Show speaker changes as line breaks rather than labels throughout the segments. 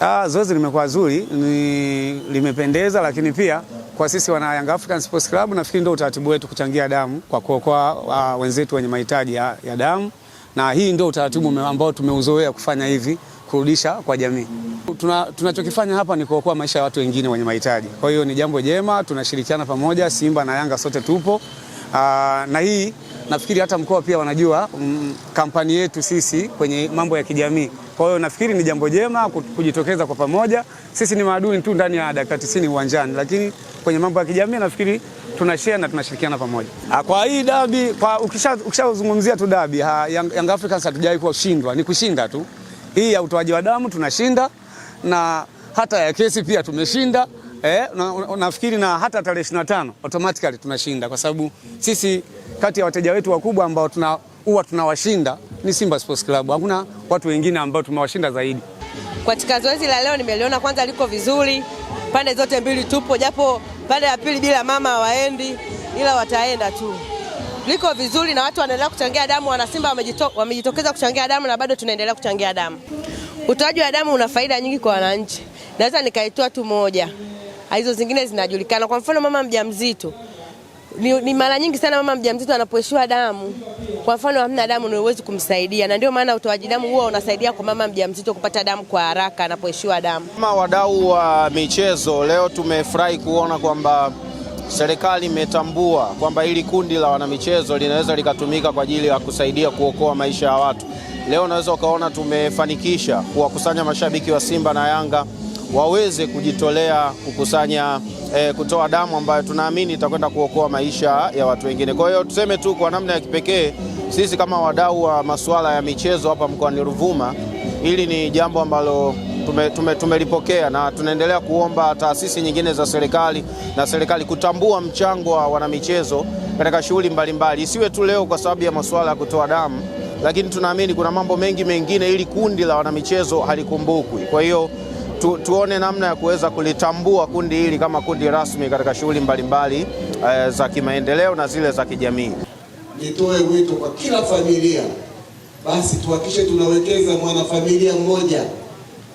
Ah, zoezi limekuwa zuri, ni limependeza, lakini pia kwa sisi wana Young African Sports Club nafikiri ndio utaratibu wetu kuchangia damu kwa kuokoa uh, wenzetu wenye mahitaji ya, ya damu, na hii ndio utaratibu ambao tumeuzoea kufanya hivi kurudisha kwa jamii. Tunachokifanya tuna hapa ni kuokoa maisha ya watu wengine wenye mahitaji, kwa hiyo ni jambo jema, tunashirikiana pamoja, Simba na Yanga sote tupo uh, na hii nafikiri hata mkoa pia wanajua mm, kampani yetu sisi kwenye mambo ya kijamii. Kwa hiyo nafikiri ni jambo jema kujitokeza kwa pamoja. Sisi ni maadui tu ndani ya dakika tisini uwanjani, lakini kwenye mambo ya kijamii nafikiri tunashare na tunashirikiana pamoja. Ah, kwa hii dabi, kwa ukishazungumzia ukisha tu dabi Young Africans hatujawahi kushindwa, ni kushinda tu. Hii ya utoaji wa damu tunashinda na hata ya kesi pia tumeshinda eh, nafikiri na, na hata tarehe ishirini na tano automatically tunashinda kwa sababu sisi kati ya wateja wetu wakubwa ambao tuna huwa tunawashinda ni Simba Sports Club. Hakuna watu wengine ambao tumewashinda zaidi.
Katika zoezi la leo nimeliona kwanza liko vizuri, pande zote mbili tupo, japo pande ya pili bila mama waendi, ila wataenda tu. Liko vizuri na watu wanaendelea kuchangia damu, wanasimba wamejito, wamejitokeza kuchangia damu na bado tunaendelea kuchangia damu. Utoaji wa damu una faida nyingi kwa wananchi, naweza nikaitoa tu moja hizo zingine zinajulikana. Kwa mfano mama mjamzito ni, ni mara nyingi sana mama mjamzito anapoishiwa damu, kwa mfano hamna damu, ni huwezi kumsaidia, na ndio maana utoaji damu huwa unasaidia kwa mama mjamzito kupata damu kwa haraka anapoishiwa damu.
Kama wadau wa michezo, leo tumefurahi kuona kwamba serikali imetambua kwamba hili kundi la wanamichezo linaweza likatumika kwa ajili ya kusaidia kuokoa maisha ya watu. Leo unaweza ukaona tumefanikisha kuwakusanya mashabiki wa Simba na Yanga waweze kujitolea kukusanya e, kutoa damu ambayo tunaamini itakwenda kuokoa maisha ya watu wengine. Kwa hiyo tuseme tu kwa namna ya kipekee sisi kama wadau wa masuala ya michezo hapa mkoani Ruvuma, hili ni jambo ambalo tumelipokea na tunaendelea kuomba taasisi nyingine za serikali na serikali kutambua mchango wa wanamichezo katika shughuli mbalimbali, isiwe tu leo kwa sababu ya masuala ya kutoa damu, lakini tunaamini kuna mambo mengi mengine, ili kundi la wanamichezo halikumbukwi. Kwa hiyo tu, tuone namna ya kuweza kulitambua kundi hili kama kundi rasmi katika shughuli mbalimbali e, za kimaendeleo na zile za kijamii.
Nitoe wito kwa kila familia basi tuhakikishe tunawekeza mwanafamilia mmoja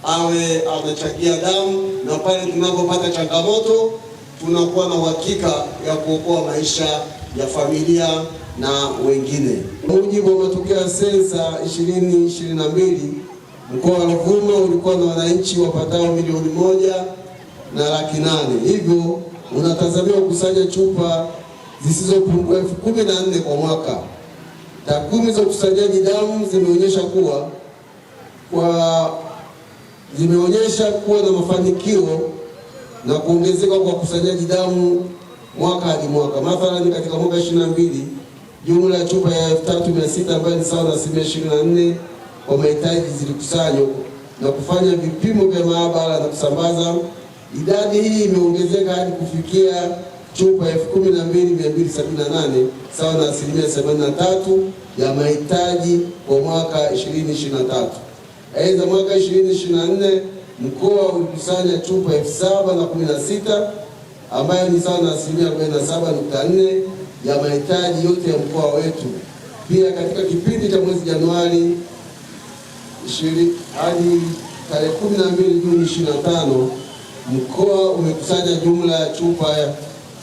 awe anachangia damu, na pale tunapopata changamoto tunakuwa na uhakika ya kuokoa maisha ya familia na wengine. Mujibu wa matokeo ya sensa 2022 Mkoa wa Ruvuma ulikuwa na wananchi wapatao milioni moja na laki nane, hivyo unatazamia kukusanya chupa zisizopungua elfu kumi na nne kwa mwaka. Takwimu za ukusanyaji damu zimeonyesha kuwa kwa zimeonyesha kuwa na mafanikio na kuongezeka kwa ukusanyaji damu mwaka hadi mwaka. Mathalani, katika mwaka 22 jumla ya chupa ya 3600 ambayo ni sawa na asilimia 24 kwa mahitaji zilikusanywa na kufanya vipimo vya maabara na kusambaza. Idadi hii imeongezeka hadi kufikia chupa elfu kumi na mbili mia mbili sabini na nane sawa na asilimia 73 ya mahitaji kwa mwaka 2023. Aidha, mwaka 2024 mkoa ulikusanya chupa elfu saba na kumi na sita ambayo ni sawa na asilimia 47.4 ya mahitaji yote ya mkoa wetu. Pia katika kipindi cha mwezi Januari hadi tarehe 12 Juni 25 mkoa umekusanya jumla ya chupa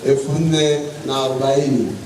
elfu nne na arobaini